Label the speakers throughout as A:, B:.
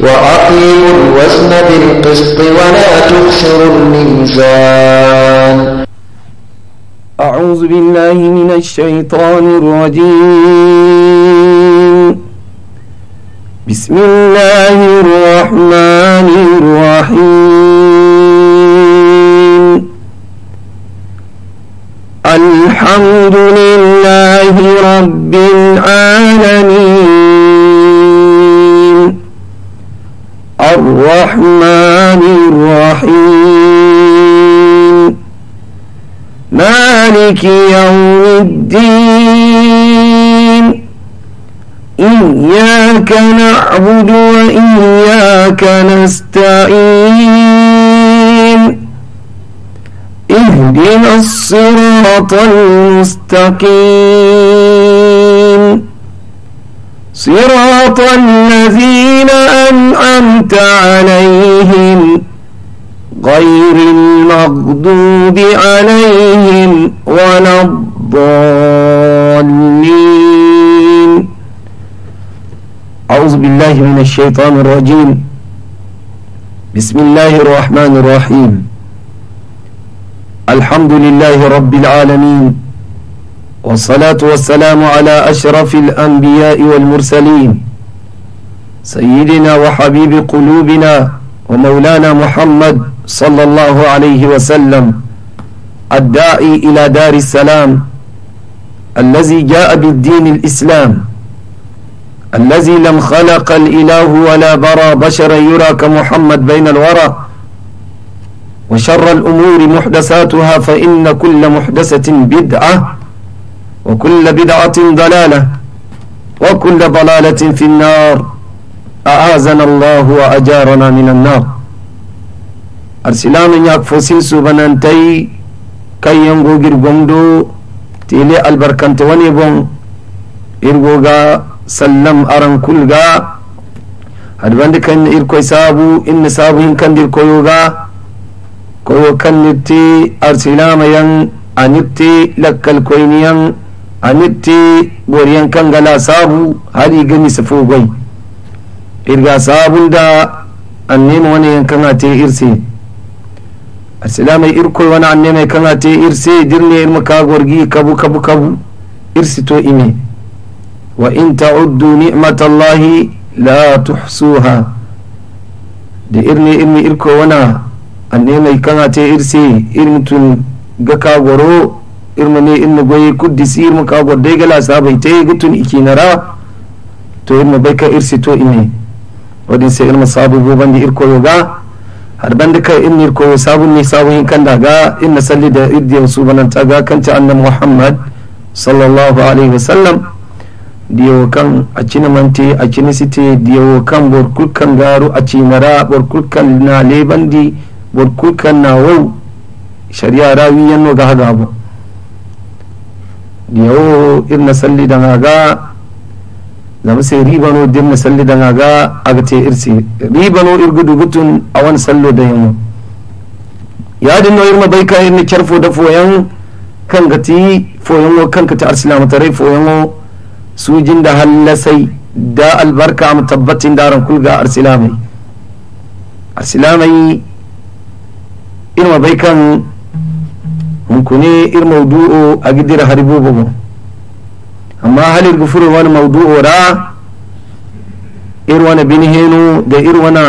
A: وأقيموا الوزن بالقسط ولا تخسروا الميزان أعوذ بالله من الشيطان الرجيم بسم الله الرحمن الرحيم الحمد لله مالك يوم الدين إياك نعبد وإياك نستعين اهدنا الصراط المستقيم صراط الذين أنعمت عليهم غير المغضوب عليهم ولا الضالين أعوذ بالله من الشيطان الرجيم بسم الله الرحمن الرحيم الحمد لله رب العالمين والصلاة والسلام على أشرف الأنبياء والمرسلين سيدنا وحبيب قلوبنا ومولانا محمد صلى الله عليه وسلم الداعي إلى دار السلام الذي جاء بالدين الإسلام الذي لم خلق الإله ولا برى بشرا يرى كمحمد بين الورى وشر الأمور محدثاتها فإن كل محدثة بدعة وكل بدعة ضلالة وكل ضلالة في النار a'a zanen ruwa wa ajiya rana min nuna arsilaama yak fosil su ba na kai yan goge ruwanda ta yi la albarkanta wani bun irgoga sallan aran kuliga harba andukan irkoyan sabu irin sabunin kan irkoyan kan niti arsilaamayen a niti lakal koyayyen a niti kan galasabu har yi gani su fokon. irga sabunda nema wani yankan ate irse mai irkoi wani yankan a ate irse dirne irma ka gi kabu kabu kabu irsi to ime wa in ta'uddu ni'matallahi la tuhsuha da irne irmi irko nema yankan a ate irse tun ga kagwaro irma ne irma goye kuddisi irma ka daigala sabai ta yi gutun ikinara to irma bai ka irsi to ime wadin se ilma sabu bo bandi irkoyo ga har da kai in irkoyo sabun ni sabu hin kanda ga inna salli da idiyan su bananta ga kanta annabi muhammad sallallahu alaihi wasallam diyo kan a cini manti a cini site diyo kan borkul kan garu a cimara borkul kan na lebandi borkul kan na wau shari'a rawi yanno ga haga bu diyo irna salli da ga zama sai ribano dimna salli da nga ga agate irsi ribano irgudu gutun awan sallo da yamma ya dinno irma bai ka irni kyarfo da foyan kan gati foyan wo kan kata arsila matare foyan wo sujin da hallasai da albarka mu tabbatin daran kulga arsila mai arsila mai irma bai kan hunkune irma du'o a gidira haribo bugu amma halin gufuri wani maudu'o ra ir wani binihenu da ir wani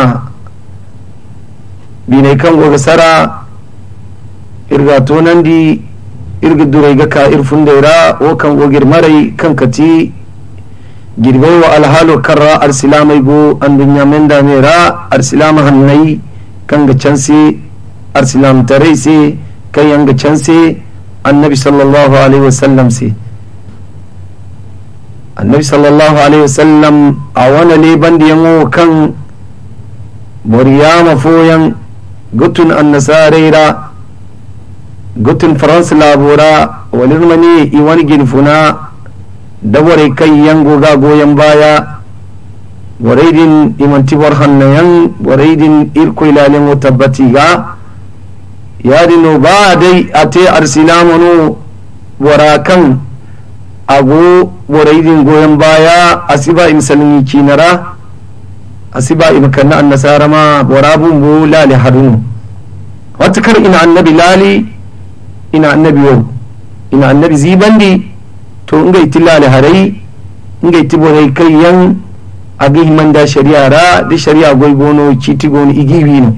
A: binai kan goga sara irga tonan di irga durai ga ka irfun daira o kan gogir marai kan kati girbai wa alhalo karra arsilamai go an dunya men da mera arsilama hannai kan ga can se arsilam tare se kan yanga can se annabi sallallahu alaihi wasallam se annabi sallallahu alaihi wasallam a wani ne bandi yango kan muryama foyan gutun annasaraira gutun labura labora walirmani iwan ginfuna ware kai yan goga goyon baya boraydin imantibor hannayan boraydin irkoylalengo batiga yadino ba dai a te arsilamano wara kan ago waraydin goyon baya asiba imsalni kinara asiba ibakanna nasara ma warabun mu lali harun wata kar ina annabi lali ina annabi yau ina annabi zibandi to inga iti lali harai inga iti borai kai yan agi himanda shari'a ra da shari'a goy gono kiti gono igibi no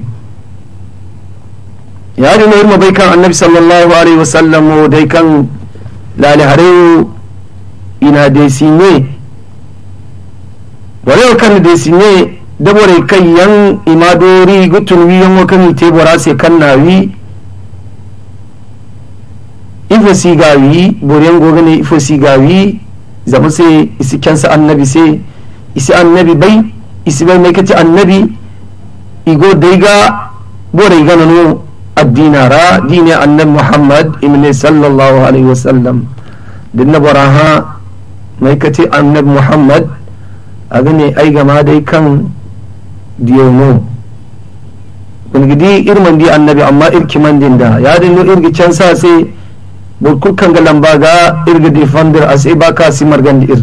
A: ya dina irma mabai kan annabi sallallahu alaihi wasallam dai kan lali harai ina desine bore kan desine da bore kai yan imadori gutun wi yan wakan te bora se kan na wi si ga wi bore yan goga ne si ga wi zama se isi kansa annabi se isi annabi bai isi bai mai kace annabi igo daiga bore ga nanu ra dine annabi muhammad ibn sallallahu alaihi wasallam dinna baraha mai ka ce annab muhammad a gane ai gama dai kan diyono gidi irman di annabi amma irki din da ya no irki can sa sai burku kukan galan ba ga irga defender a sai baka si margan di ir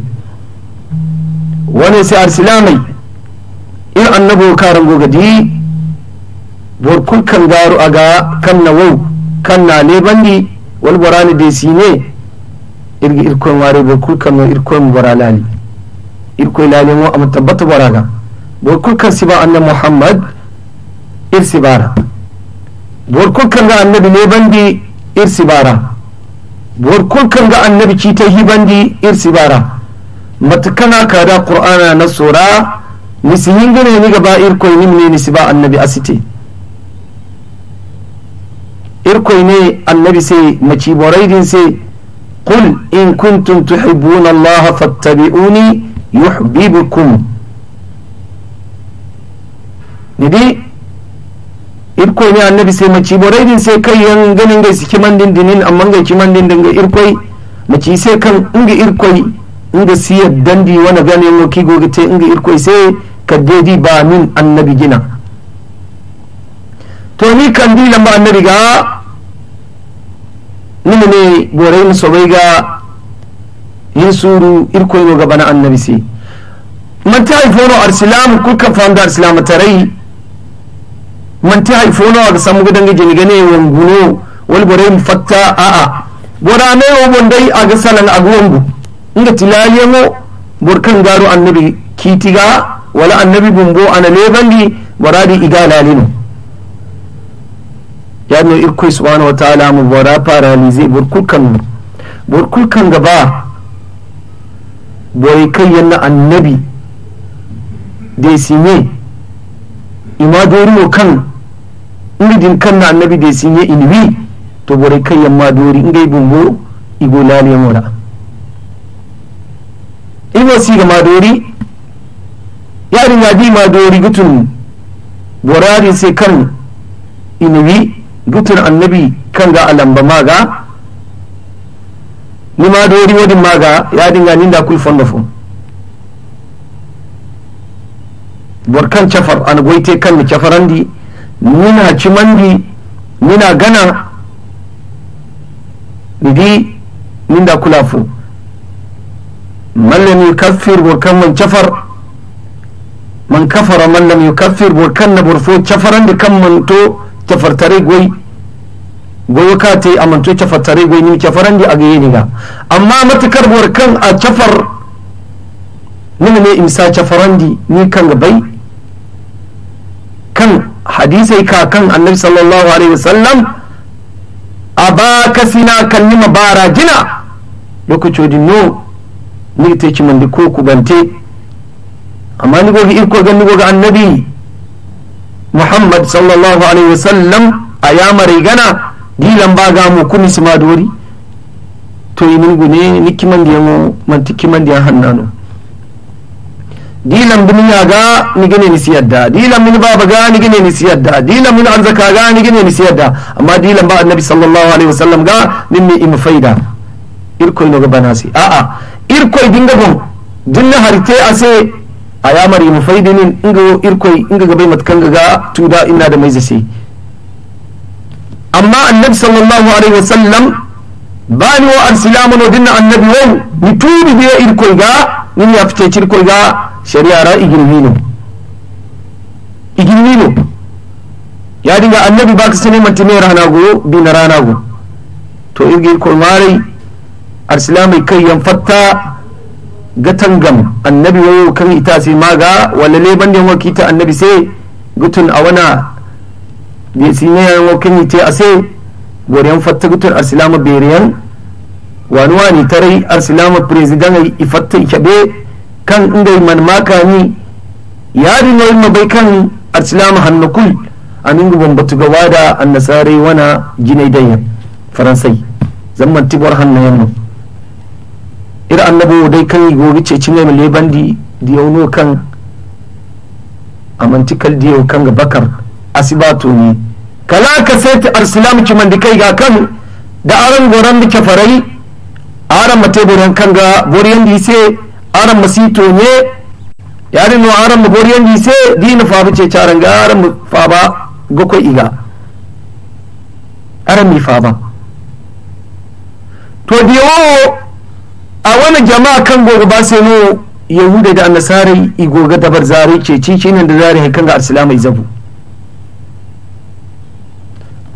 A: wani sai arsilamai ir annabo karan gogadi burku kukan garu aga kan nawo kan na ne bandi wal burani de sine irga irkoy ware bo kul kam no irkoy mo bara laali irkoy laali mo ama tabbata boraga bor kul kan siba anna muhammad ir sibara bor kul ga annabi ne bandi ir sibara bor kul ga annabi cita hibandi ir sibara matkana da qur'ana na sura nisi gane ni gaba ni ne ni siba annabi asite irkoy ne annabi sai maci boraydin sai قل إن كنتم تحبون الله فاتبعوني يحببكم ندي irkoi ne annabi sai maci borai din sai kai yan ganin ga siki man din man din irkoi maci sai kan inga irkoi inga siya dandi wani ganin woki goga te irkoi sai kaddedi ba min annabi gina to ni kan di lamba annabi riga. nimene borayno soɓayga yin suru irkoyno gabana annabi se manti hay fono arsilamu kulkan famda arsilama taray manti hay fono aga sammuga danga jenigane wanguno wal boray mu fatta a'a borame o a aga salan a wangu inda tilayengo mo kan garu annabi kitiga wala annabi bumbo ana lebandi boradi iga lalino nuna irko subhanahu wa ta'ala mu bora paralize burkul burkulkan gaba boy kai yana annabi da sinye ima dori kan ingidin kan na annabi da sinye inwi to boy kai yamma dori ingai bumbu igo lale mora ibo siga madori dori yarin ya bi ma gutun borari sai kan inwi dutur annabi kan ga alamba maga ni ma dori wodin maga ya dinga da kul fondo fun bor kan chafar an goite kan ni chafarandi nina chimandi nina gana nidi da kula fun man lam yukaffir bor kan man chafar man kafara man lam yukaffir bor kan na bor fo chafarandi kan man to cafartaray goy goyo kate to cafartaray goy ma cafarandi ga amma matakar bor kan a cafar ma ne imsa cafarandi ni ga bay kan hadisey ka kaŋ annabi sallallahu alaihi wasallam aba kasina kan ma baara jina din no ni te ci mandi ko kubante amma ni ga irko gan ni goga annabi muhammad sallallahu alaihi wasallam a yamare gana dilan ga mu kumi su madori to yi mungu ne ni kiman kimandiya mu manti kimandiya hannano dilan bin ya ga ni gane ni siyar siyadda dilan min ba ga ni gane ni siyar siyadda dilan an zaka ga ni gane ni siyar da amma dilan ba annabi sallallahu alaihi wasallam ga minni im faida irko ino ga banasi a a irko dinga bon dinna harite ase a yamar yi mafaidinin inga irkwai inga gabai matkan gaga tuda ina da mai zase amma annabi sallallahu alaihi wasallam bani wa arsila mano dinna annabi wau ni tubi biya irkwai ga nin ya fice cirkoi ga shari'a ra igirmino igirmino ya dinga annabi ba ka baka sene mantine rana go bi na rana go to irgir kol marai arsila mai kai yan fatta gatangam annabi wayo kan ita sai maga wala le bande wa kita annabi sai gutun awana de sinne yan wa kan ite ase goriyan fatta gutun arsilama beriyan wani wani tare arsilama president ai ifatta ikabe kan inda man maka ni yari ne mun bai kan arsilama hannukul anin guban batuga wada annasare wana ginai danya faransai zamman tibor hannayen mu ir annabo dai kan gobe ce cinye mele bandi diyo no kan amantikal diyo kan ga bakar asibato ne kala ka sai ta arsilam ki man kai ga kan da aran goran da ke farai aran mate goran kan ga boriyan di se aran masito ne yari no aran mu boriyan di se dina fabi ce caran ga aran mu faba ba iga aran mi faba to to diyo a wani jama'a kan gogo ba sai no yahuda da annasari i goga dabar zare ce ci cinan da zare kan ga arsilama zabu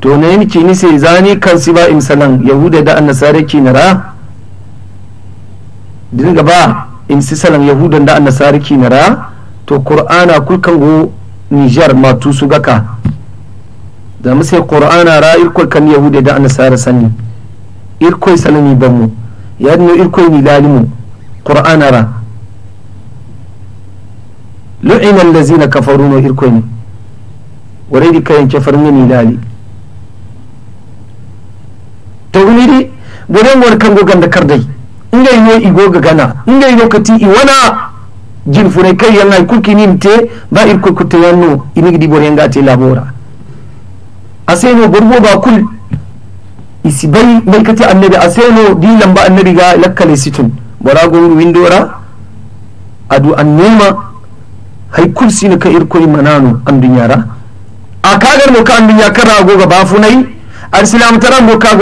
A: to ne yin ni sai zani kan si ba imsalan yahuda da annasari ra din gaba imsi salan yahudan da annasari ra to qur'ana kan go nijar ma su gaka da musai qur'ana ra irkol kan yahuda da annasari sanni irkoi salani ban mu ni irkoyni qur'ana ra lu'ina allazina kafaruno irkoyni waraydi kayen kan laali toguniɗi bonen won in ganda karday i igoga gana ingayno kati i wana jin fure kai kay kuki ni te ba irko inigi inigɗi bonen ngati labora aseno gurbo ba kul isi bay annabi kati annabi no di lamba annabi ga lakkale situn bara go windora adu an nema kursi ne ka irkoye manano dunyara a mo ka anduña kara goga go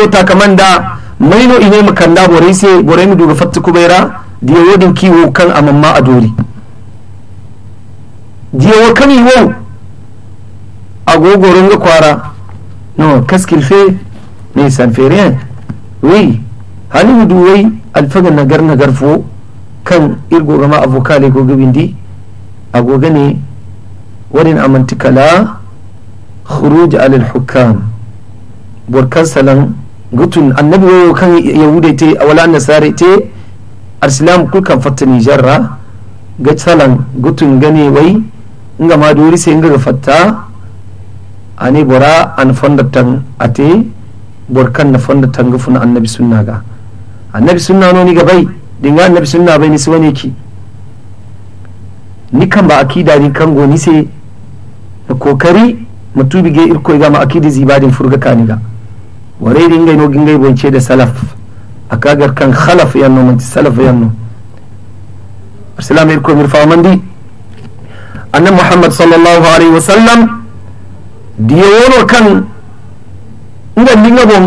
A: ta kamanda mai takamanda ine mu kanda boray se mu duga fatta kuɓayra diya wodin kiwo kan amamma a dori diya wo kan iwo agogoronga kwara no kaskilfe ne san rien wai alfaga nagar nagar fo kan irgo gama avokale ko gabindi agoga ne wadin amantikala khuruj alal hukam burkan salan gutun annabi wayo kan yahudai te wala nasare te arsilam kulkan fatta nijarra ga salan gutun gane wai nga ma dori sai nga fatta ani bora an fondatan ate borkan na fonda tanga funa annabi sunna ga annabi sunna no ni gabai dinga annabi sunna bai ni su wani ki ni kan ba akida ni kan go ni se na kokari mutubi ge irko ga ma akidi zibadin furga ga warai dinga no gingai bonce da salaf akagar kan khalaf yanno manti salaf yanno arsalama irko mirfa mandi annabi muhammad sallallahu alaihi wasallam diyo wono kan nga dinga bon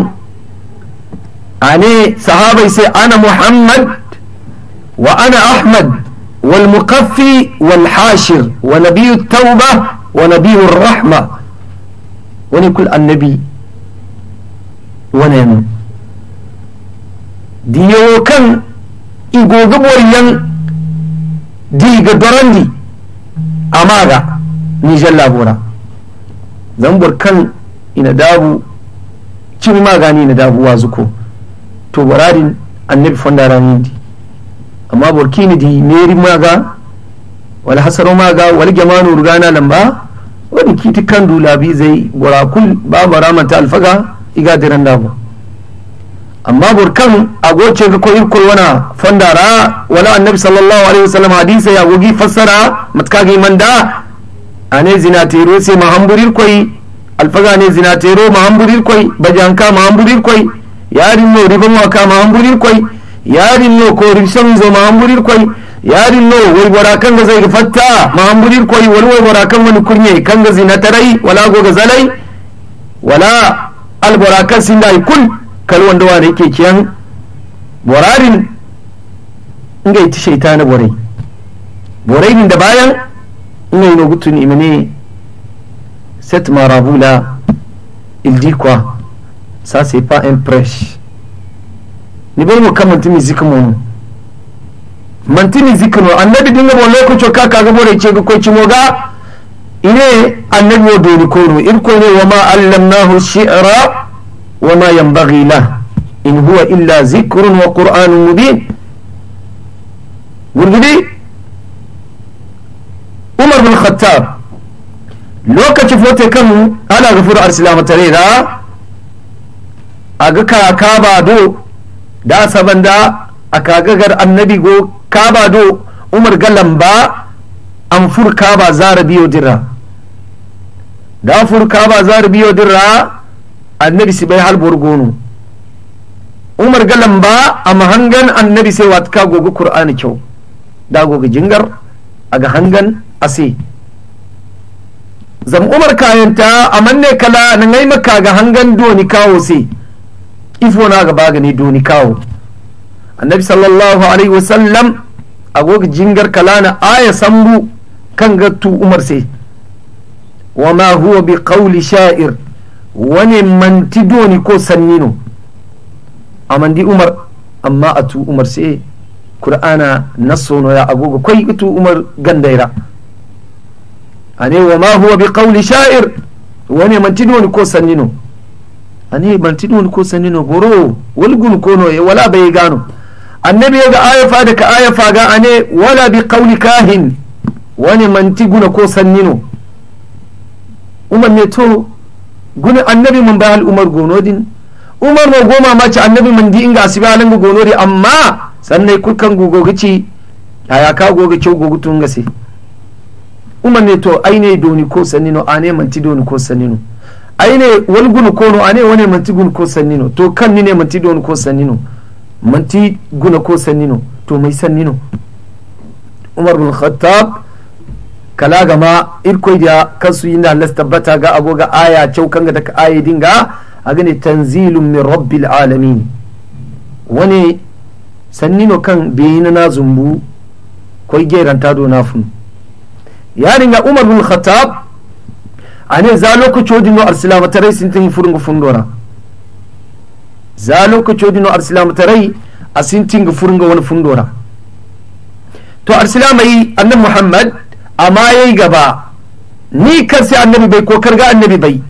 A: ani sahaba sai ana muhammad wa ana ahmad wal muqaffi wal hashir wa biyu tauba wa biyu rahma wani kul annabi wonen diyowo kan igoga ɓoriyan diga dorandi amaga ni zan bar kan ina dabu cimi magani na dabuwa zuko to waradin annabi fondarani di amma burkini di neri maga wal hasaro maga wal gamanu rugana lamba wani kiti kan bi zai wara kul ba maramanta alfaga iga diran dabu amma burkan agoce ka koyi wana fondara wala annabi sallallahu alaihi wasallam hadisa ya gogi fassara matka ga imanda ane zina tero sai mahamburir koyi alfagane zinatero mahamburir koy bajanka mahamburir koy yarin no ribon waka mahamburir koy yarin no ko ribsan zo mahamburir koy yarin no wai bora kan ga zai fatta mahamburir koy wal wai bora kan wani kunye kan ga zinatarai wala goga zalai wala al bora kan sin dai kun kal wanda wani yake kiyan borarin inga ita shaitana borai borai din da bayan inga ne gutun ne. cet marabout-là, il dit quoi Ça, c'est pas un prêche. Ni bai mu kamanta mai zika mu. Mantini zika mu, annabi dinga mu lokacin ka kaga bore ce ko koci mu ga ine annabi wa dori koru in ko ne wa ma allamnahu shi'ra wa ma yanbaghi la in huwa illa zikrun wa qur'anun mubin. Gurgudi Umar bin Khattab lokaci kaŋ kan a ga furo tare ra a ga ka kaaba do da saba nda a gar annabi go kaaba do umar galan ba an furka kaaba zara biyo dirra da furka kaaba zara biyo dirra annabi si hala boro goono umar galan ba a hangan annabi sai go ga qur'ani kyau da ga jingar a ga hangan se zan umar kayanta manne kala na ngai maka ga hangan doni kawo sai ifo na ga ne doni kawo annabi sallallahu alaihi wasallam agoga jingar kala na aya sambu kan ga tu umar sai wa ma huwa bi qawli sha'ir wani manti doni ko sannino amandi umar amma a tu umar sai qur'ana nasono ya agogo kwai tu umar gandaira ane wa ma huwa bi qawli sha'ir wone mantinoni ko sannino ani mantinoni ko sannino boro wolgun ko no wala bai gano annabi ga aya da ka aya ga ane wala bi qawli kahin wani manti guna ko sannino umar ne to guna annabi mun bahal umar gonodin umar ma goma mace annabi mun di inga asibi alangu gonori amma sannai kulkan gugogici aya ka gogici tun gasi umane to aine doni ko sannino ane manti doni ko sannino aine walgunu kono ane wane manti gunu ko sannino to kan ni ne manti doni ko sannino manti guna ko sannino to mai sannino umar bin khattab kala gama irkoy da kansu yinda las tabbata ga ga aya caukan ga daga aya dinga a agane tanzilun min rabbil alamin wani sannino kan bayina na zumbu koi geranta do na funu Yani yaringa umar bin khattab ane za lokacodino arsilamatarai sintin furnga fundora za lokacodino arsilamatarai a sintinga ga wani fundora to arsilamayi annabi muhammad amma yayi gaba ni kar sai annabi bai ko karga annabi bai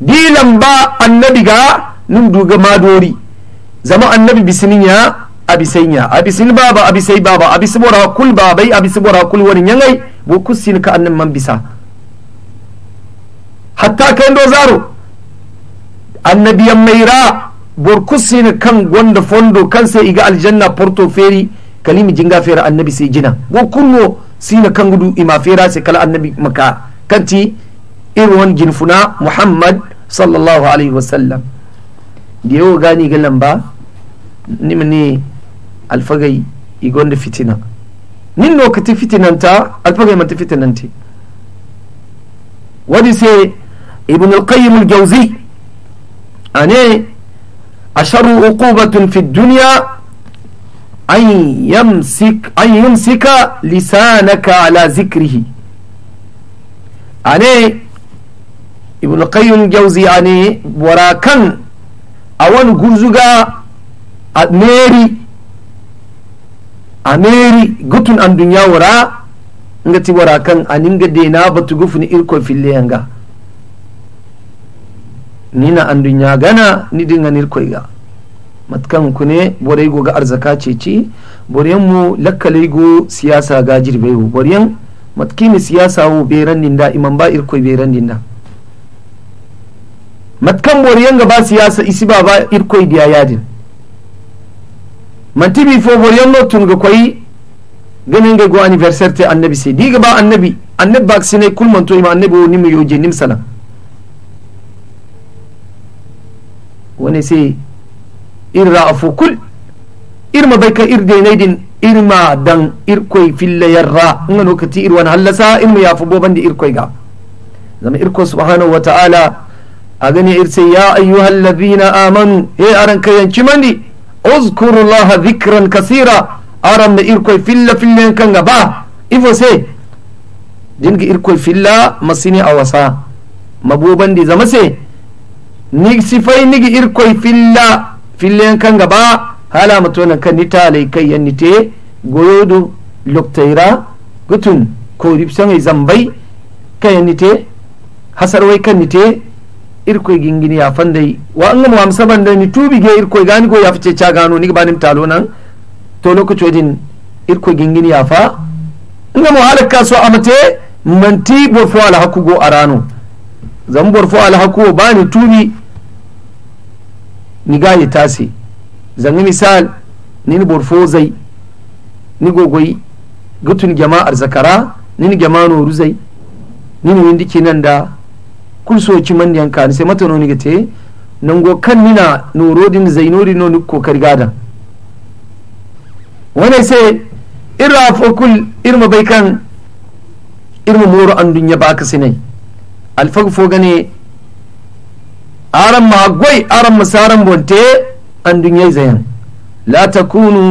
A: dilan ba annabi ga nin duga madori zama annabi bisinin ya abisainya abisin baba abisai baba abisibora kul babai abisibora kul wani yangai bo kussin ka annan man bisa hatta kai do zaro annabiyan maira bor kussin kan gonda fondo kan sai iga aljanna porto feri kalimi jinga fera annabi sai jina bo kunno sina kan gudu ima fera sai kala annabi maka kanti irwan jinfuna muhammad sallallahu alaihi wasallam da yawo gani galan ba nimani alfagai igon da fitina nin kati fitinanta alfagemante fitinanti waɗi se ibnu alqayim aljawsi ane asharu uqubatun fi duniya an yumsika lisanaka ala zikrihi ane ibnu alqayim a ne warakan a wani gurzuga a meri a meri gutun an duniya wara nga ti wara kan aninga dena batu gufuni irko ni nina an duniya gana ni dinga nirkoyga matkan kune bore go ga arzaka ceci boryan mu lakkalai go siyasa ga jirbe wo boryan matkini siyasa wo beran ninda imam ba irkoy beran ninda matkan bore ga ba siyasa isi ba ba irkoy diya yadin manti bi fo yallo tun ga koyi ganin ga go anniversaire te annabi sai diga ba annabi annabi ba sine kul manto ima annabi ni mu yoje nim sala wani sai irra afu kul irma bai ka irde naidin irma dan irkoi fil yarra in lokaci wani halasa in mu fu boban da irkoi ga zama ko subhanahu wataala a gani sai ya ayyuhal ladina amanu he aran kayanci mandi uzkurullaha dhikran kasira aranna irkoye filla fillen kanga ba ifo se dinga irkoye filla masini awasa wasa mabobandi zama se ni sifai nigi irkoye filla fillen kanga ba hala matona kan nita alai kai yan nite goyodo loktaira gutun koripsan zambai kan yan nite hasarwai kan nite irkoy gingini ya fanday wa anga mo am sabanda ni tubi ge irkoi gani go ya fice cha gano ni banim talo nan to lokaci din irkoy gingini ya fa gama mo kaso a amate manti borfo alhaku go a rano zan borfo alhaku ba bani tubi ni gaye tasi zan yi misal ni ni borfo zai ni gogoi gutun jama'ar zakara ni jama'ar ruzai ni ni kinan da kursoci man yan kan sai mata noni gate nan go kan nina nurodin zainuri no nukko kargada wani sai irra fokul irma bai kan irma moro an dunya baka sinai alfag fo gane aran ma gwai aran masaran bonte an dunya zayan la takunu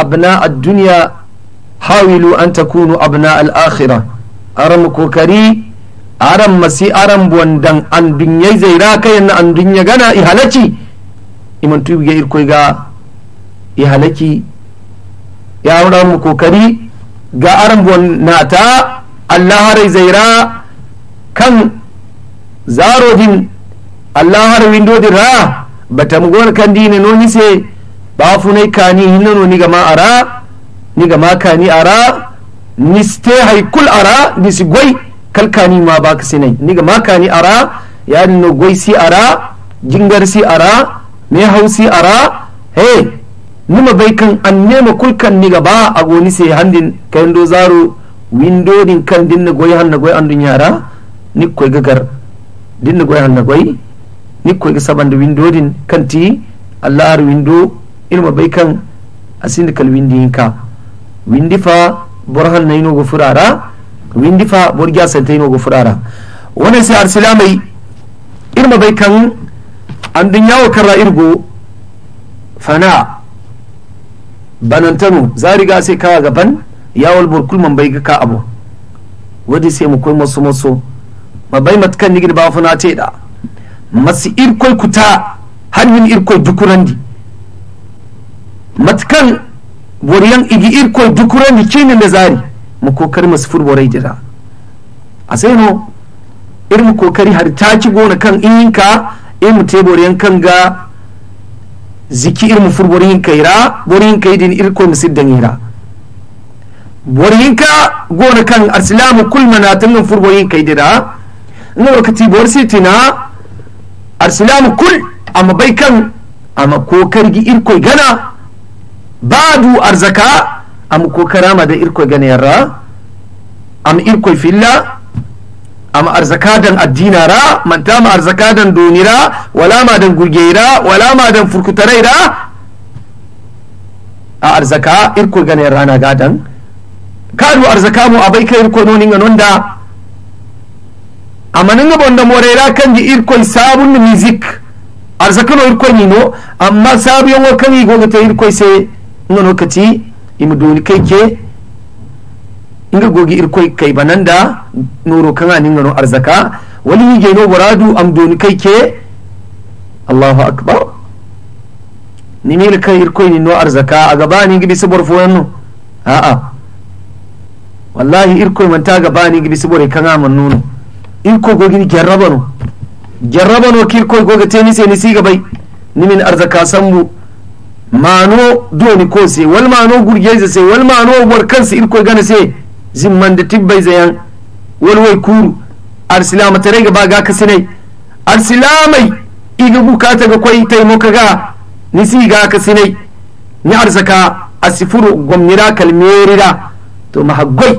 A: abna ad-dunya hawilu an takunu abna al-akhirah aran kokari aran masi aran buwandan an dunyai zaira kayan na an dunya gana ihalaci iman tubi ga irkoi ga ihalaki ya wura mu kokari ga aran buwan nata Allah harai zaira kan zaro din Allah har din ra bata mu gona kan dine no ni se ba nai kani hinno ni gama ara ni gama kani ara ni ste haikul ara ni si gwai kalkani ma baka sinai niga makani ara yani no si ara jingar si ara me si ara he nima bai kan an nema kulkan niga ba a goni sai handin kayan do zaro windo din kan din na goi hanna goi andun yara ni koy gagar din na goi hanna goi ni koy ga saban da windo din kan ti Allah ar windo ilma bai kan asin da kalwindi yinka windi fa burhan na yino gufurara windi fa borgia senteno go furara wona si arsilamai irma bay kan andunyawo karra irgo fana banantanu zariga sai kawa gaban yawon burkul man bai ka abu wadi sai mu koi masu masu ma bai matakan ni gida ba funa te da masu irkoi kuta har yin irkoi dukurandi matkan boriyan igi irkoi dukurandi kinin da zari mu kokari masu furborai jira a sai no irin kokari har ta ci gona kan ininka in mu tebori kan ga ziki irin mu furborin yinka ira borin yinka din irko mu siddan ira borin yinka gona kan arsilamu na tangan furborin yinka dira na wakati bor na arsilamu kul amma bai kan amma kokari irko gana badu arzaka am ko karamada irkoy ra, am irkoy filla am arzakadan addinara ma arzakadan donira wala dan gurgeira wala dan furkutarayra a arzaka irkoy ganera na gadan kaadu arzaka mu abay ka irkoy noninga nonda amma more ra morera ji irkoy sabun music arzakano irkoy no amma sabu yi kangi gogata irkoy sai ngono kati imu doni kai ke inga gogi irkoi kai bananda noro kanga ninga no arzaka wali hige no boradu am doni kai ke allahu akbar nimil kai irkoi ni no arzaka a gaba ni gibi sabor fo a a wallahi irkoi man ta gaba ni gibi sabor kanga man nuno irko gogi ni jarrabano jarrabano kirkoi goga tenise ni siga bai nimin arzaka sambu mano doni ko se wal mano gurgeza se wal mano war kansu irko gana se zimman da tibbai zayan wal wai kuru arsilama tare ga baga ka sinai mai iga bukata ga kwai taimaka ga nisi ga ka sinai ni arzaka asifuru gwamnira kalmerira to mahaggoi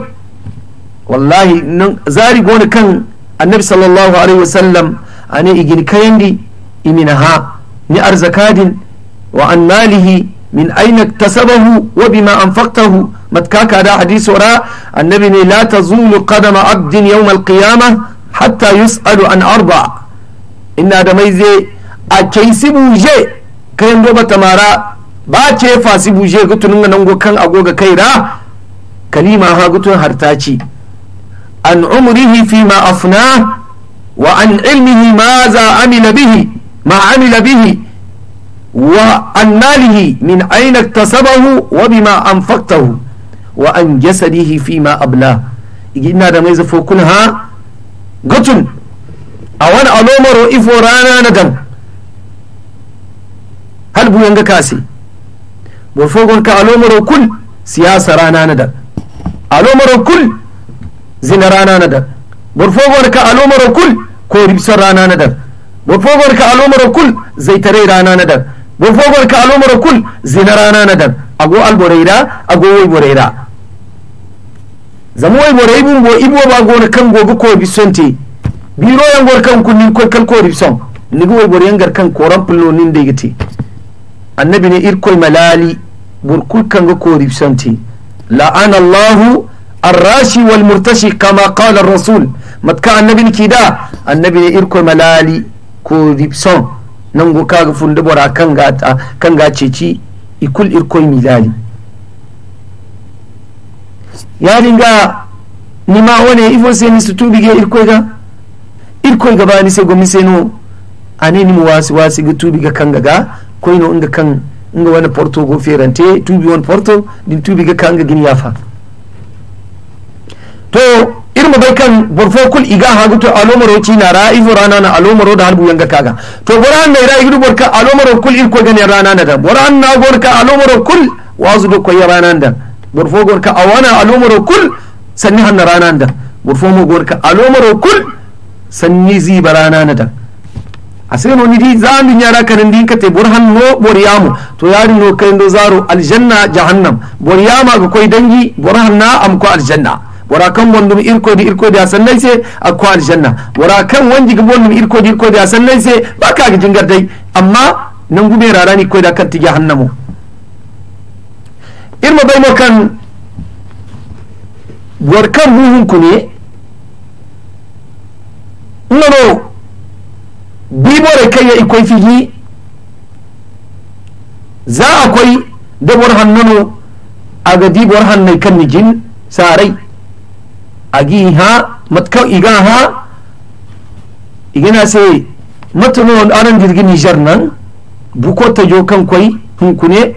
A: wallahi nan zari gona kan annabi sallallahu alaihi wasallam ane igin kayandi imina ha ni arzakadin wa an malihi min aina tasabahu wa bima anfaqtahu matkaka da hadisi ra annabi ne la tazulu kadama abdin yawm alqiyama hatta yus adu an arba ina da mai ze a kaisi buje bata mara ba ce fasi buje gutun nan go kan agoga kai ra kalima ha gutun hartaci an umrihi fi ma afnah wa an ilmihi ma za amila bihi bihi وعن ماله من أين اكتسبه وبما أنفقته وعن جسده فيما أبلاه إجينا دميز فوقنها قتل أوان ألومر إفورانا ندم هل بو ينغا كاسي بوفوقن كألومر كل سياسة رانا ندم ألومر كل زنا رانا ندم بوفوقن كألومر كل كوريبس رانا ندم بوفوقن كألومر كل زيتري رانا ندم bo fogol ka alomoro kul zina rana na dan ago alboreyra ago woyboreyra zama woyborey bum go iboba gona kan goga kobi sonte biro yangor kan kunnin koy kal kori son niga woybore yangar kan koran da nin deygete annabi ne irkoy malali bor kul kanga kori sonte la'ana allahu arrashi wal kama qala rasul matka annabi ne kida annabi ne irkoy malali kori son nan go kaga funde bora kanga kanga ceci ikul irkoy milali ni ma wane ifo ni su tubi ga irkoi ga bani se se no ani ni mu wasi wasi ga ga kanga ga no inga kan inga wani porto go ferante tubi won porto din kan kanga gini yafa to irmu bai kan borfo kul iga hagutu alomaro na ra'ifu rana na alomaro da halbu yanga kaga to boran na ira igdu borka alomaro kul irko gani rana na da boran na gorka alomaro kul wazu da koyi rana da borfo gorka awana alomaro kul sanni hanna rana da borfo mo gorka alomaro kul sanni ziba rana na da a aseno ni di zambi nyara kanin din kate burhan no boriyamu to yari no kayin do zaro aljanna jahannam boriyama ga koy dangi burhan na am ko aljanna wara kan irko irkoyde irkoyde ha sannay se akko aljanna wara kan wanjiga wondum irkoyde irkoyde ha sannan sai ba ka kaga dai amma rara nangume rarani koyda kan tigi hannamo irma mo kan war kan huhun kune nono bibore kayya ikoy fili za akoy dabor hannono aga dibor hannay kan ni jin sarai agi ha agiha matkaw igaha iganase matano aran dirgi nijar nan buko jo kan kwai hunkune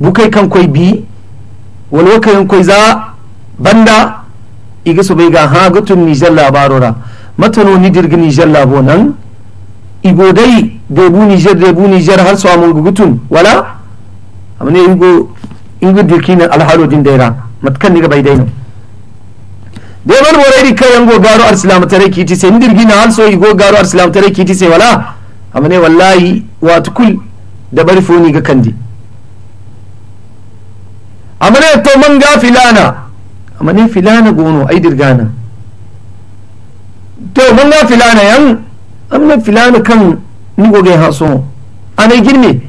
A: bukai kan kwai bi walwa kan kwai za banda iga su bai ga ha gutun niger labarora matano ni dirgi niger labo nan igo dai debu nijar debu nijar har su amon gutun wala amne igo ingo dirkinan alhalo din daira matkan ni ga bai daino de man worayɗi kayango garo arsilama tare kiiti se na hal soyi go garo arsilama tare kiti se wala amane wallahi watu kul daɓari ga kandi amane to manga filana amane filana gono ay dirgana to manga filana yan amna filana kan nigoge ha haso anay girme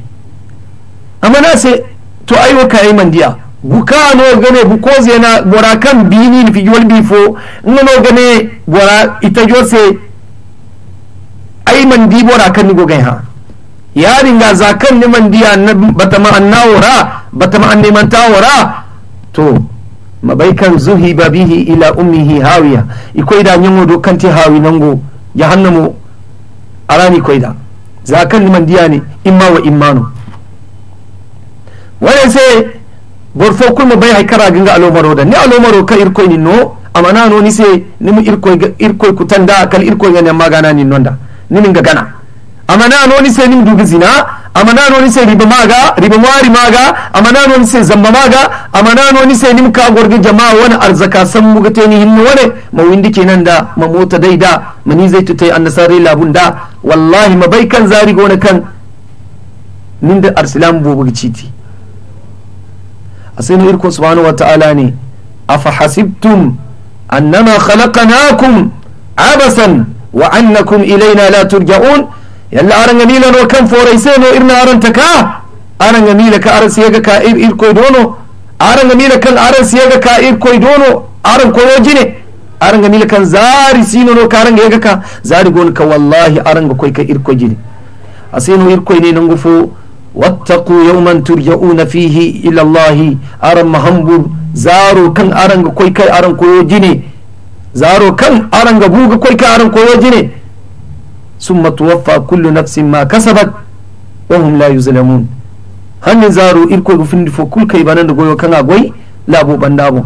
A: amana se to aywo ka ay mandiya buka no gane bukoz na bora kan bini ni fijol bifo no gane bora ita jose ai man di bora kan ni gai ha yari nga zakan ni man diya batama annawara batama anni man tawara to mabaikan zuhiba bihi ila ummihi hawiya ikoida nyango do kanti hawi nango jahannamu arani da. zakan ni man diya ne imma wa immanu Wani sai Gorfo kulma bai hai kara ginga alomaro da ni alomaro ka irko ni no amana no ni se nimu irko irkoy kutanda kal ni amma gana ni nonda nini ga gana amana no ni se ni dubi zina amana no ni se riba maga riba mari maga amana no ni se zamba maga amana no ni se nim ka gorgi jama'a wani arzaka san mu gate ni hinno wane mawindi kenan da mamota daida mani zai tutai annasari labunda wallahi bai kan zari gona kan ninda arsilam bubu citi asinu irko subhanahu ta'ala ne afahasibtum annama khalaqnakum abasan wa annakum ilayna la turja'un yalla aranga gamila no kan no irna aranta ka aranga mila ka aran ga ka irko dono aranga mila kan aran ga ka irko dono aran ne aranga mila kan zari sino no ka ga ga ka zari gon ka wallahi ga koi ka irkoy jine asino irko ne nan fo wattaku yawman turja'una fihi ila Allah aran mahambur zaro kan aran ga kai aran koyo jine zaro kan aran ga buga kai aran koyo jine summa tuwaffa kullu nafsin ma kasabat wa hum la yuzlamun hanin zaro irko ga findi fo kul kai banan da goyo kan agwai labo bandabo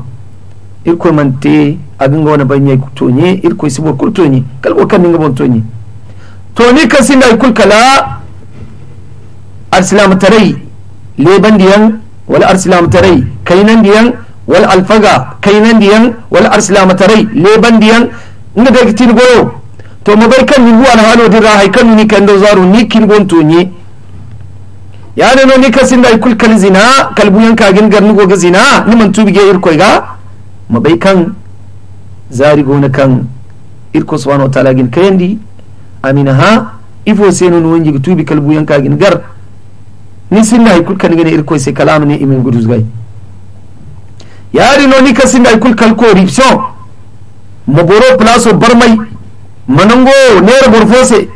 A: irko man te agin ga wani banye tonye irko sibo kul tonye kalbo kan ninga bon tonye to ni kan sinda kul kala arsilam tarai leban diyan wal arsilam tarai kainan diyan wal alfaga kainan diyan wal arsilam tarai leban diyan inda da kitin goyo to mu bai kan ni huwa na dira hay kan ni kan da zaru ni kin gon to ni ya ne no ni kasin da kul kal zina kalbu ka gin garni go ga zina ni man tubi ge irko ga mu bai kan zari na kan irko subhanahu wa ta'ala gin kayandi amina ha ifo seno no wonji tubi kalbu ka gin gar nisindahay kulkanigana irkoyse kalamni imin gudusgay yarino ni kasindahay kulkalko ribso mogoro plaso barmay manango nera borfose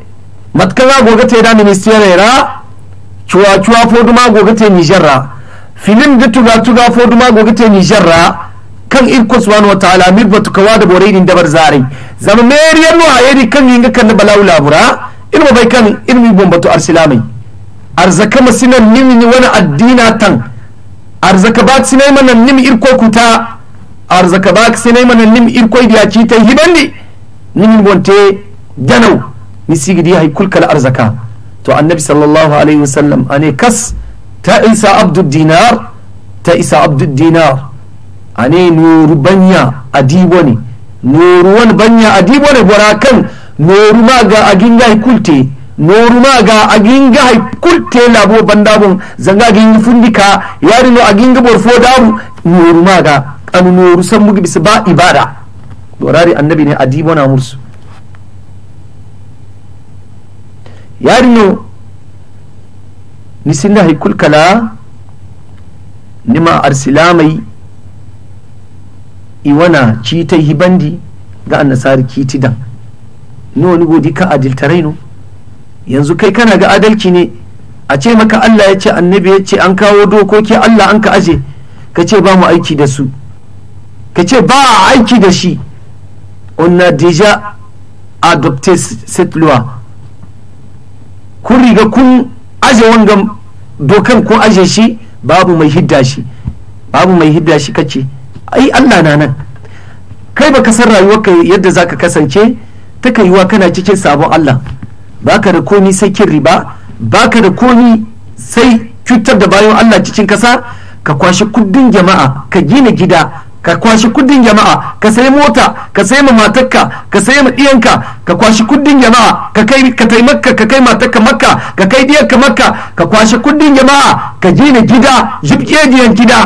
A: matkanga gogate da ministere ra cuwa cuwa foduma gogate nijarra filin da tuga tuga foduma gogate nijarra kan irko subhanahu wa ta'ala mirbatu kawada boraydin dabar zare zama meriyar no ayeri kan yinga kan balawla bura ilmo bai kan ilmi bombatu arsilamai arzaka masinan nimi ni wani addina tan arzaka ba sinai mana nimi irko kuta arzaka ba sinai mana nimi irko idiya ci ta hibandi nimi bonte danau ni sigidi hay kulkal arzaka to annabi sallallahu alaihi wasallam ane kas ta isa abdu dinar ta isa abdu dinar ane nuru banya adibo ne noru wani banya adibo ne bora kan noru ma ga agin gai kulte noruma ga ga hai kulte labo bandabun zanga gin fundika yari no agin ga borfo daru noruma ga anu noru san mugi bisa ba ibada dorari annabi ne adibo na mursu yari no nisinda hay kulkala nima arsilamai iwana citai hibandi ga annasari kitidan no ni godi ka adiltarai no yanzu kai kana ga adalci ne a ce maka Allah ya ce annabi ya ce an kawo dokoki Allah an ka aje ka ce ba mu aiki da su ka ce ba a aiki da shi on a déjà adopté cette loi kun riga kun aje wangan dokan kun aje shi babu mai hidda shi babu mai hidda shi kace ai Allah na nan kai baka san rayuwarka yadda zaka kasance ta kaiwa kana cikin sabon Allah baka da komi sai kin riba baka da komi sai cutar da bayan Allah cikin kasa ka kwashi kudin jama'a ka gina gida ka kwashi kudin jama'a ka sai mota ka sai ma matakka ka sai ma diyanka ka kwashi kudin jama'a ka kai ka tai makka ka kai matakka makka ka kai diyanka makka ka kwashi kudin jama'a ka gina gida diyan gida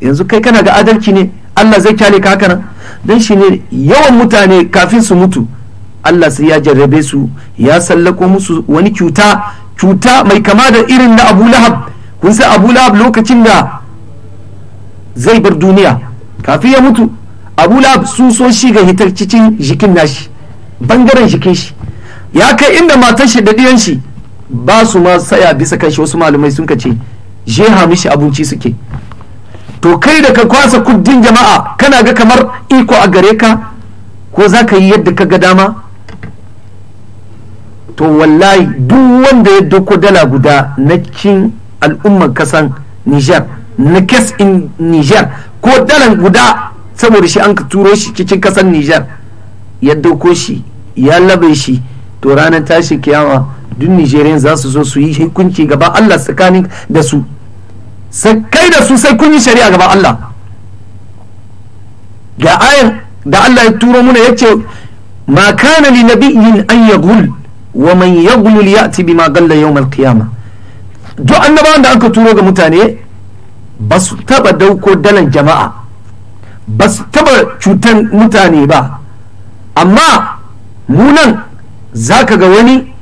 A: yanzu kai kana ga adalci ne Allah zai kyale ka haka nan dan shi ne yawan mutane kafin su mutu Allah sai ya jarrabe su ya sallako musu wani cuta cuta mai kama da irin na Abu Lahab kun san Abu Lahab lokacin da zai bar duniya kafin ya mutu Abu Lahab sun so shi ga hitar cikin jikin nashi bangaren jikin shi ya kai inda matar shi da diyan shi ba su ma saya bisa kan shi wasu malamai sun ce je hamishi abinci suke to kai da ka kwasa kuddin jama'a kana ga kamar iko a gare ka ko za ka yi yadda ka ga dama to wallahi duk wanda ya doko dala guda na cin al'ummar kasan niger na kes in niger ko dalan guda saboda shi an ka turo shi cikin kasan niger ya doko shi ya labe shi to ranar tashi kiyama duk nigerian za su zo su yi hukunci gaba allah tsakanin da su kai da su sai kun yi shari'a gaba allah ga ayar da allah ya turo muna ya ce ma kana li nabiyyin an yagul wa man yaglul ya'ti bima galla yawm al-qiyama duk annabawan da aka turo ga mutane ba su taba dauko dalan jama'a ba su taba cutan mutane ba amma munan zaka ga wani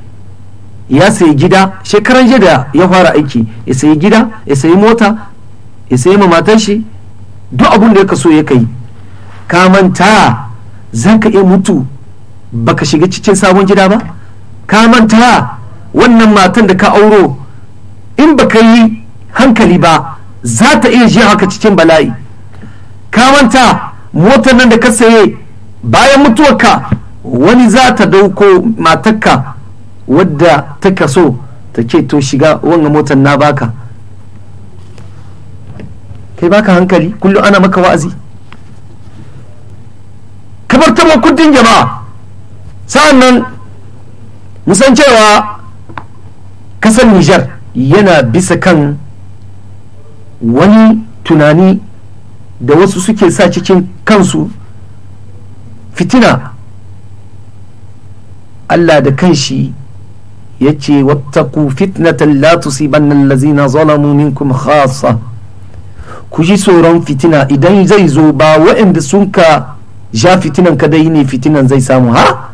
A: ya sayi gida shekaran jiya da ya fara aiki ya sayi gida ya sayi mota ya sayi ma matar shi duk abun da ya kaso ya kai ka manta zaka iya mutu baka shiga cikin sabon gida ba ka manta wannan matan da ka auro in ba ka yi hankali ba za ta iya ji haka cikin bala'i ka manta motar nan da ka saye bayan mutuwarka wani za ta dauko matarka wadda ta kaso ta ce to shiga wannan motar na baka kai baka hankali kullum ana maka wa'azi kamar ta kudin jama'a sa'an nan musan cewa kasar nijar yana bisa kan wani tunani da wasu suke sa cikin kansu fitina allah da kanshi ya ce wattaku fitnatan la tusibanna allazina zalamu minkum khassa ku ji tsoron fitina idan zai zo ba waɗanda sun ka ja fitinan kadai ne fitinan zai samu ha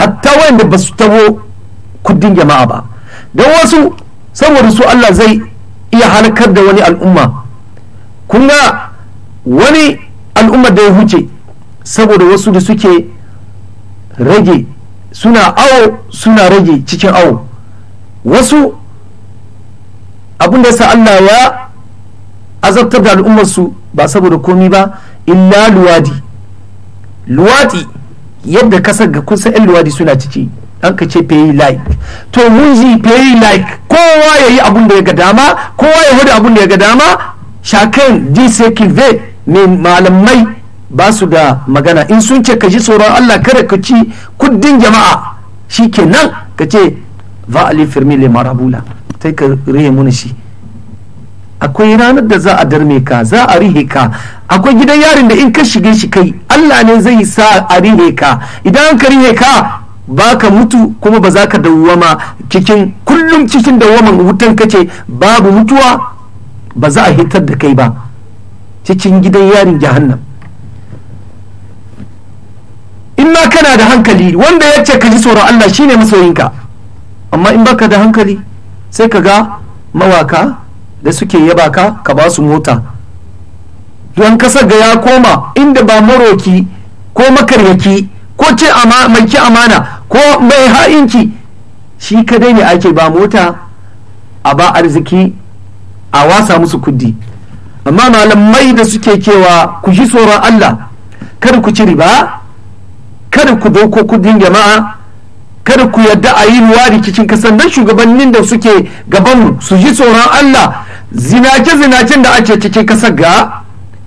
A: hatta wanda ba su taho kudin jama'a ba don wasu saboda su Allah zai iya halakar da wani al'umma kun wani al'ummar da ya huce saboda wasu da suke rage suna awo suna rage cikin awo wasu abinda da sa Allah ya azabtar da al'ummarsu ba saboda komi ba illa luwadi luwadi yadda kasar ga kusa yan luwadi suna ciki an ka ce pay like to mun ji pay like kowa ya yi abun da ya ga dama kowa ya hudu abun da ya ga dama shakan ji sai ve mai malamai ba su da magana in sun ce ka ji tsoron Allah kada ka ci kuddin jama'a Shi kenan, ka ce va'ali firmi le marabula sai ka riya muni shi akwai ranar da za a darme ka za a rihe ka akwai gidan yarin da in ka shige shi kai Allah ne zai sa a rihe ka idan ka rihe ka ba ka mutu kuma ba za ka dawwama cikin kullum cikin dawaman wutan ka ce, babu mutuwa ba za a hitar da kai ba cikin gidan yarin jahannam in ma kana da hankali wanda ya ce ka ji tsoron Allah shine masoyinka amma in baka da hankali sai ka ga mawaka da suke yaba ka ka ba su mota don kasa, ga ya koma inda ba maroki ko makaryaki ko ce mai ki amana ko mai ha'inki, shi kadai ne ake ba mota a ba arziki a wasa musu kuddi. amma malamai da suke cewa ku ji tsoron Allah kada ku ci riba kada ku doko kudin jama'a kada ku yadda a yi ruwa rikicin kasar nan shugabannin da suke gabanmu su ji tsoron Allah zinace-zinacen da ake cikin kasar ga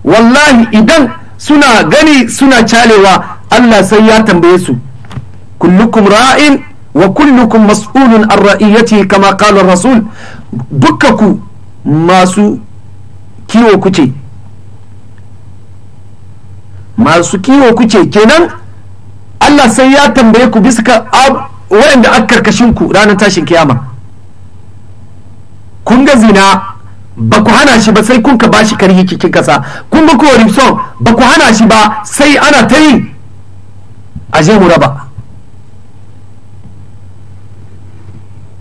A: wallahi idan suna gani suna calewa Allah sai ya tambaye su kullukum ra'in wa kullukum mas'ulun an ra'iyati kama qala rasul ku masu kiwo kuce masu kiwo kuce kenan Allah sai ya tambaye ku bisa wayanda aka karkashin ku ranar tashin kiyama kun ga zina ba ku hana shi ba sai kun ka bashi karhi cikin kasa kun ga kowa ripson ba ku hana shi ba sai ana ta yi a je mu raba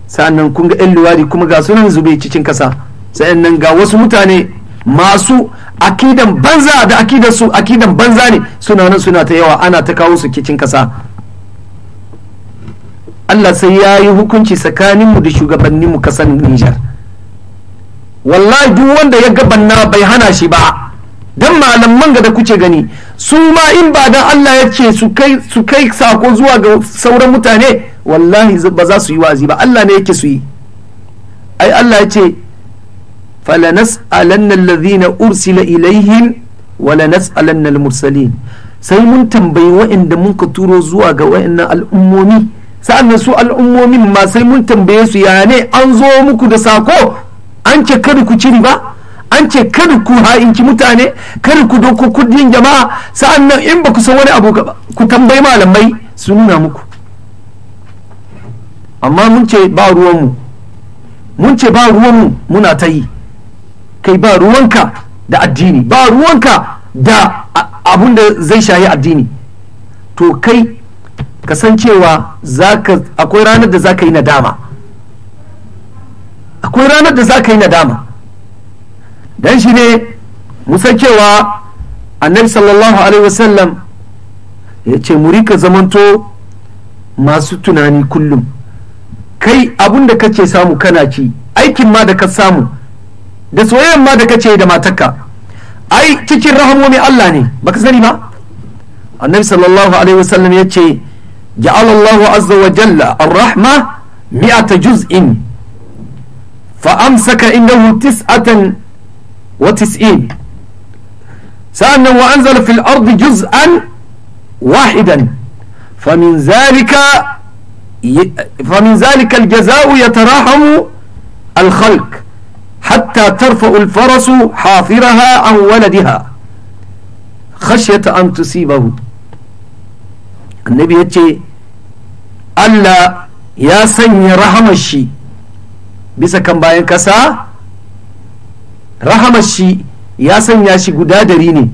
A: sa'annan kun ga 'yan luwari kuma ga sunan zube cikin kasa sa'annan ga wasu mutane masu akidan banza da akidan su akidan banza ne suna nan suna ta yawa ana ta kawo su cikin kasa Allah sai ya yi hukunci tsakaninmu da shugabanninmu kasar Nijar. wallahi duk wanda ya ga banna bai hana shi ba dan malaman ga da kuke gani su ma in ba dan Allah ya ce su kai su kai sako zuwa ga sauran mutane wallahi ba za su yi wazi ba Allah ne yake su yi ai Allah ya ce falanas'alanna alladhina ursila ilaihim wa lanas'alanna almursalin sai mun tambayi wa'anda muka turo zuwa ga wa'annan al'ummomi sa'annan su al'ummomin ma sai mun tambaye su ya ne an zo muku da sako an ce kada ku ci riba an ce kada ku ha'inci mutane kada ku doko kudin jama'a sa'an nan in ba ku san wani abu ba ku tambayi malamai su nuna muku amma mun ce ba ruwanmu mun ce ba ruwanmu muna ta yi kai ba ruwanka da addini ba ruwanka da abun da zai shayi addini to kai kasancewa akwai ranar da za ka yi nadama akwai ranar da za ka yi nadama dan shi ne musan cewa annabi sallallahu alaihi wasallam ya ce muri ka zamanto masu tunani kullum kai abun da kace samu kana ci aikin ma da ka samu da soyayyan ma da kace da matarka ai cikin rahamomi Allah ne baka sani ba annabi sallallahu alaihi wasallam ya ce ja'alallahu azza wa jalla ar-rahma mi'ata juz'in فأمسك إنه تسعة وتسعين سألنا وأنزل في الأرض جزءا واحدا فمن ذلك فمن ذلك الجزاء يتراحم الخلق حتى ترفع الفرس حافرها عن ولدها خشية أن تصيبه النبي يتشي ألا يا سني رحم الشيء bisa kan bayan kasa, rahamar shi ya sanya shi guda dari ne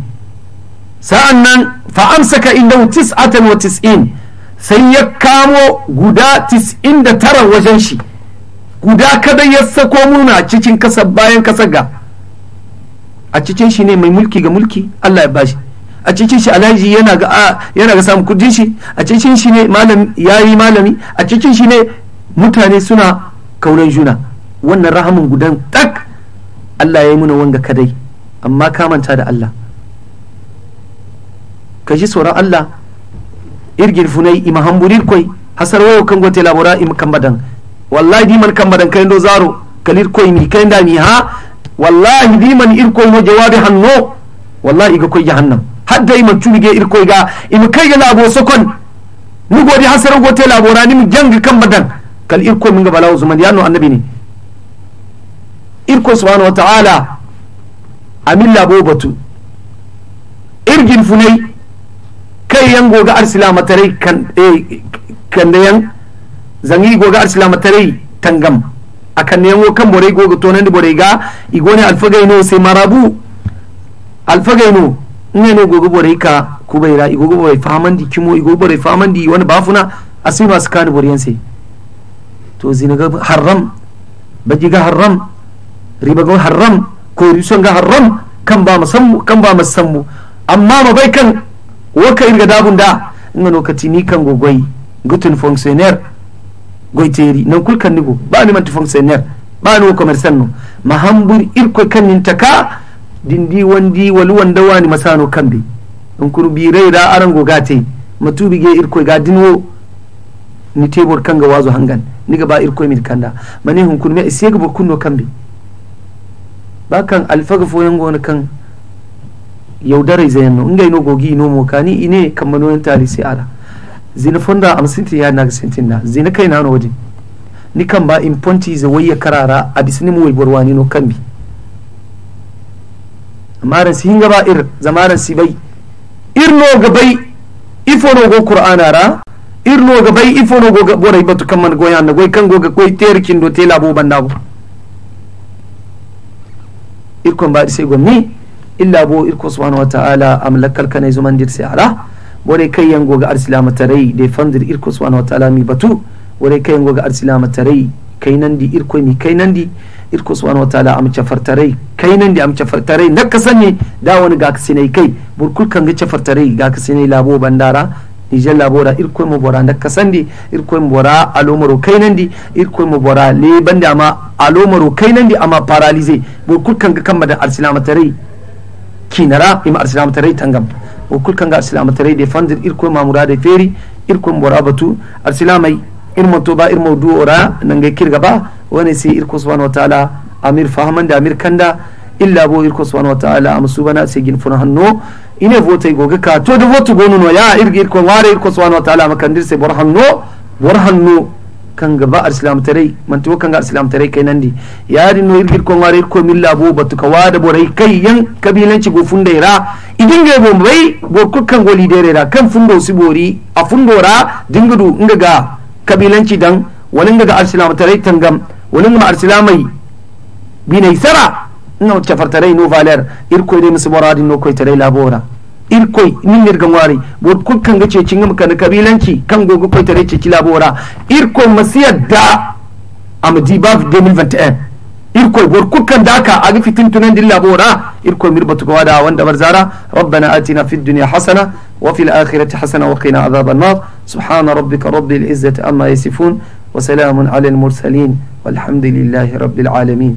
A: sa'an nan fa'amsaka inda tis'atan wa tis'in sai ya kamo guda tis'in da tara wajen shi guda kada ya sako muna cikin kasa bayan kasa ga a cikin shi ne mai mulki ga mulki Allah ya bashi a cikin shi alhaji yana ga yana ga samun kudin shi a cikin shi ne malami yayi malami a cikin shi ne mutane suna kauran juna wannan rahamin gudan tak Allah ya yi muna wanga kadai amma ka manta da Allah ka ji tsoron Allah irgin funai ima hamburin kwai hasar wayo kan gote labura ima kambadan wallahi di man kambadan kayin zaro kalir kwai ni kayin da ni ha wallahi di man ir koi mo jawabi hanno wallahi ga koi jahannam hadda ima chumige ir koi ga ima kai ga labo sokon ni godi hasar gote labura ni mu jang kambadan kal ir koi min ga balawo zuman yano annabi ne irko subhanahu wa ta'ala amin labo batu irgin funai kai yan goga arsila matarai kan eh kan da yan zangi goga arsila matarai tangam akan yan wo kan borai goga tonan di borai ga alfagai no sai marabu no ne no goga borai ka kubaira igogo borai di kimo igogo borai di wani bafuna asima su kani boriyan sai to zinaga haram ga haram riba haram ko rison ga haram kan ba musammu kan ba musammu amma ma bai kan waka irga dabun da nga lokaci ni kan gogoi gutun fonctionnaire goy teri nan kulkan nigo ba ni manti fonctionnaire ba ni commerçant no ma hambur irko kan nin taka dindi wandi walu wanda wani masano kambe in kurbi raira arango gate matubi ge irko ga dinwo ni tebor ga wazo hangan niga ba irko mi kanda mani hun kun me isega bor kunno kambe ba kan alfaga foyan gona kan yaudarai zayan no ngai no gogi no mo kani ine kan manoyin tali sai ala zina fonda am sinti ya na sintin na zina kai na no ni kan ba in ponti za wayya karara a bisini mu waibor wani no kan bi amaran si hinga ba ir si bai ir no ga bai ifo no go qur'ana ra ir no ga ifo no go ga batu kan man goyan na goy kan go ga koy terkin do tela bo banda bo irkon baɗi sai gomni illa bo irko subhanahu wataala am lakkal kana dir sai ala wore kai yango ga arsilama tarai de fandir irko subhanahu wataala mi batu wore kai yango ga arsilama tarai kai nandi irko mi kai nandi irko subhanahu wataala am tarai kai nandi am cafartarai nakka sani da wani ga ka sinai kai burkul kan ga tarai ga ka sinai labo bandara labora bora mu bora da dakka sandi mu bora alomaro di kaynandi mu bora le lebandi ama alomaro di amma paralize bo ga kamma da arsilama arsilamatarai kinara ima arsilamatarai tangam bo ga arsilama arsilamatarai de fandir ma mamurade feri mu bora batu arsilamai irmo toba ir mawdu ora nan ga kirga ba wani sai irko subhanahu wa taala amir da amir kanda illa bo irko subhanahu wa taala ama sai gin fona hanno ine votay goga ka to da votu no ya irgi irko ware irko subhanahu wa ta'ala makandir se borhanno borhanno kanga ba arsilam tarai man to kanga arsilam tarai kai ya yari no irgi ko ware ko milla bo batu ka wada borai kai yan kabilanci go funda ira idin ga bo bai go kukan goli dere ra kan fundo su bori a fundo ra dingudu inga ga kabilanci dan wani ga arsilam tarai tangam wani ga arsilamai binai sara no cafartarai no valer koy de musu boradi no koy tarai labora koy min nirga ngwari bo kul kanga ce cin ngam kabilanci kan gogo koy tarai ce ci labora koy masiyar da amadi ba 2021 e. irkoy bot kul daka agi fitin tunan din labora irkoy mirbatu ko wada wanda barzara rabbana atina fid dunya hasana akhirati hasana wa qina adhaban nar subhana rabbika rabbil izzati amma yasifun wa salamun alal mursalin walhamdulillahi rabbil alamin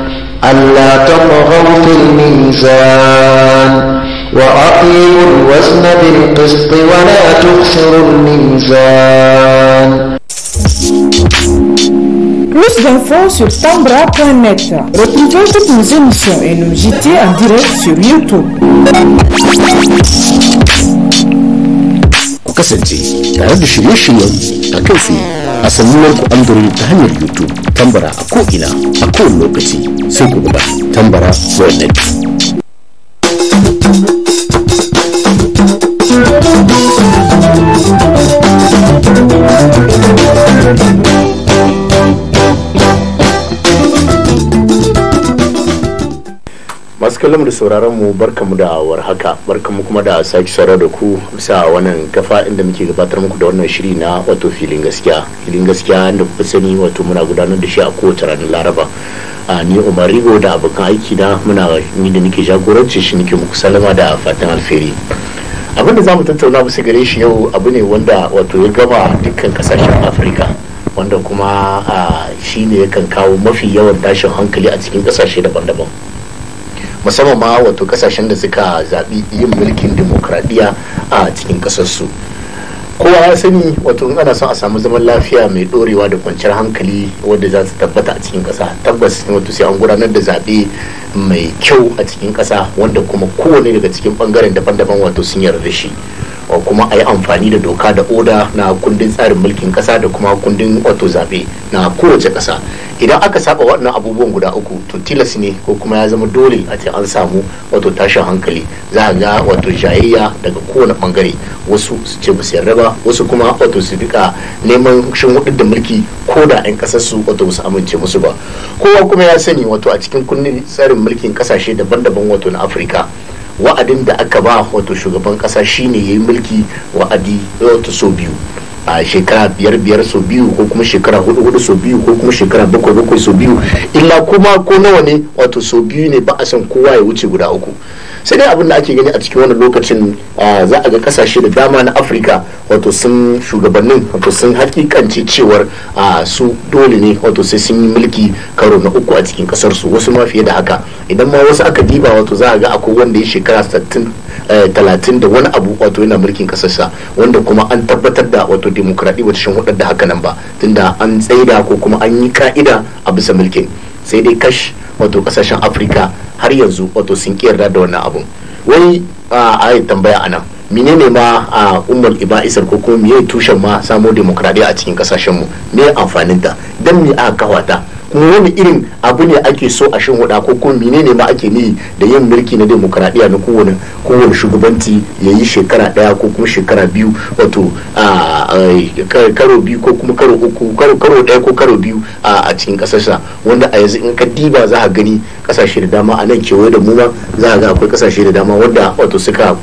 A: ألا تطغوا في الميزان وأقيموا الوزن بالقسط ولا تخسروا الميزان Plus d'infos sur tambra.net. Retrouvez toutes nos émissions et nos JT en direct sur YouTube.
B: Ku kasance tare da shirye-shiryen a kai tsaye a sannuwar ku Android ta hanyar YouTube. tambara a ko ina a kowane lokaci sai ku buga tambara world net masu kallon da sauraron mu barkamu da warhaka barkamu kuma da sake saurara da ku bisa wannan kafa inda muke gabatar muku da wannan shiri na wato filin gaskiya filin gaskiya inda kuka sani wato muna gudanar da shi a kowace ranar laraba a ni umar rigo da abokan aiki na muna ni da nake jagoranci shi nake muku salama da fatan alferi abin da zamu tattauna bisa gare shi yau abu ne wanda wato ya gama dukkan kasashen afirka wanda kuma shi ne yakan kawo mafi yawan tashin hankali a cikin kasashe daban-daban musamman ma wato kasashen da suka zaɓi yin mulkin demokradiyya a cikin ƙasarsu kowa ya sani wato in ana son a samu zaman lafiya mai ɗorewa da kwanciyar hankali wadda za su tabbata a cikin ƙasa tabbas wato sai an gudanar da zaɓe mai kyau a cikin ƙasa wanda kuma kowane daga cikin ɓangaren daban-daban wato sun yarda shi kuma a yi amfani da doka da oda na kundin tsarin mulkin ƙasa da kuma kundin wato zaɓe na kowace ƙasa idan aka saba waɗannan abubuwan guda uku to tilas ne ko kuma ya zama dole a ce an samu wato tashin hankali za a ga wato jayayya daga kowane bangare wasu su ce ba su yarda ba wasu kuma wato su duka neman shin da mulki ko da 'yan ƙasar su wato ba su amince musu ba kowa kuma ya sani wato a cikin kundin tsarin mulkin ƙasashe daban-daban wato na afirka wa'adin da aka ba wato shugaban kasa shine ya yi mulki wa'adi wato sau biyu a shekara biyar biyar so biyu ko kuma shekara hudu hudu so biyu ko kuma shekara bakwai bakwai so biyu illa kuma ko nawa ne wato so biyu ne ba a san kowa ya wuce guda uku sai dai abin da ake gani a cikin wani lokacin za a ga kasashe da dama na afirka wato sun shugabannin wato sun hakikanci cewar su dole ne wato sai sun yi mulki karo na uku a cikin kasar su wasu ma fiye da haka idan ma wasu aka diba wato za a ga akwai wanda ya shekara Eh, talatin da wani abu wato yana mulkin kasarsa wanda kuma an tabbatar da wato demokradi wata shan hudar da haka nan ba tunda an tsaida ko kuma an yi ka'ida a bisa mulkin sai dai kash wato kasashen afirka har yanzu wato sun ki da wannan abun wai a tambaya a nan menene ma a umar iba'isar ko kuma me tushen ma samo demokradiyya a cikin kasashen mu me amfanin ta dan me aka kawata wani irin abu ne ake so a shan wada ko kuma menene ma ake ni da yin mulki na demokradiya na kowane kowane shugabanci ya yi shekara daya ko kuma shekara biyu wato karo biyu ko kuma karo uku karo daya ko karo biyu a cikin kasarsa wanda a yanzu in ka diba za a gani kasashe da dama a nan kewaye da mu ma za a ga akwai kasashe da dama wanda wato suka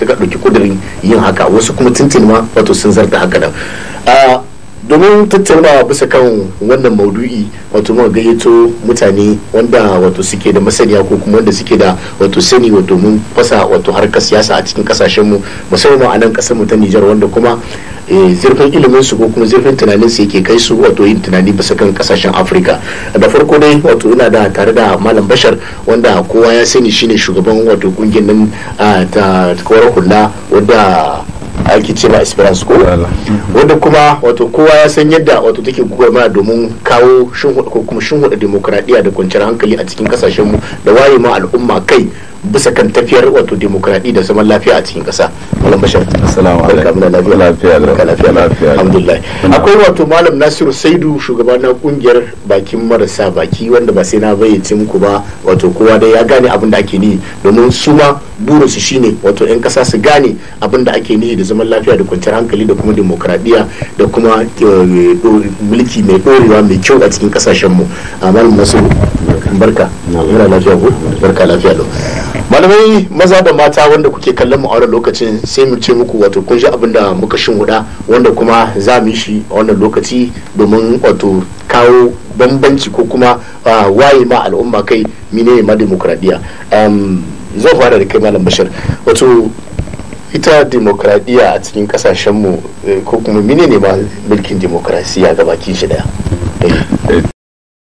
B: suka ɗauki kudirin yin haka wasu kuma tuntun ma wato sun zarta haka nan domin tattaunawa bisa kan wannan maudu'i wato mun gayyato mutane wanda wato suke da masaniya ko kuma wanda suke da wato sani wato mun fasa wato harkar siyasa a cikin kasashen mu musamman a nan kasar mu ta Nijar wanda kuma eh, zirfin ilimin su ko kuma zirfin tunanin su yake kai su wato yin tunani bisa kan kasashen Afirka da farko dai wato ina da tare da Malam Bashar wanda kowa ya sani shine shugaban wato kungiyar nan ah, ta kawar hula wanda aiki ce ma esperance ko wadda kuma wato kowa ya san yadda wato take gwamna domin kawo shin kuma shin da kwanciyar hankali a cikin kasashen mu da waye al'umma kai bisa kan tafiyar wato demokradi da zaman lafiya a cikin kasa malam bashar assalamu akwai wato malam nasiru saidu shugaba na kungiyar bakin marasa baki wanda ba sai na bayyace muku ba wato kowa da ya gane abin da ake ni domin su ma shi shine wato yan kasa su gane abin da ake ni da zaman lafiya da kwanciyar hankali da kuma demokradiya da kuma eh, eh, mulki mai dorewa mai kyau a cikin kasashen mu malam nasiru barka muna lafiya ku barka lafiya lau malamai maza da mata wanda kuke kallon mu a wannan lokacin sai mu ce muku wato kun ji abin da muka shinhuda wanda kuma za mu yi shi a wannan lokaci domin wato kawo bambanci ko kuma waye ma al'umma kai mine ma demokradiya zan fara da kai malam bashir wato ita demokradiya a cikin mu eh, ko kuma mine ne ma mulkin demokrasiya ga baki shi daya eh.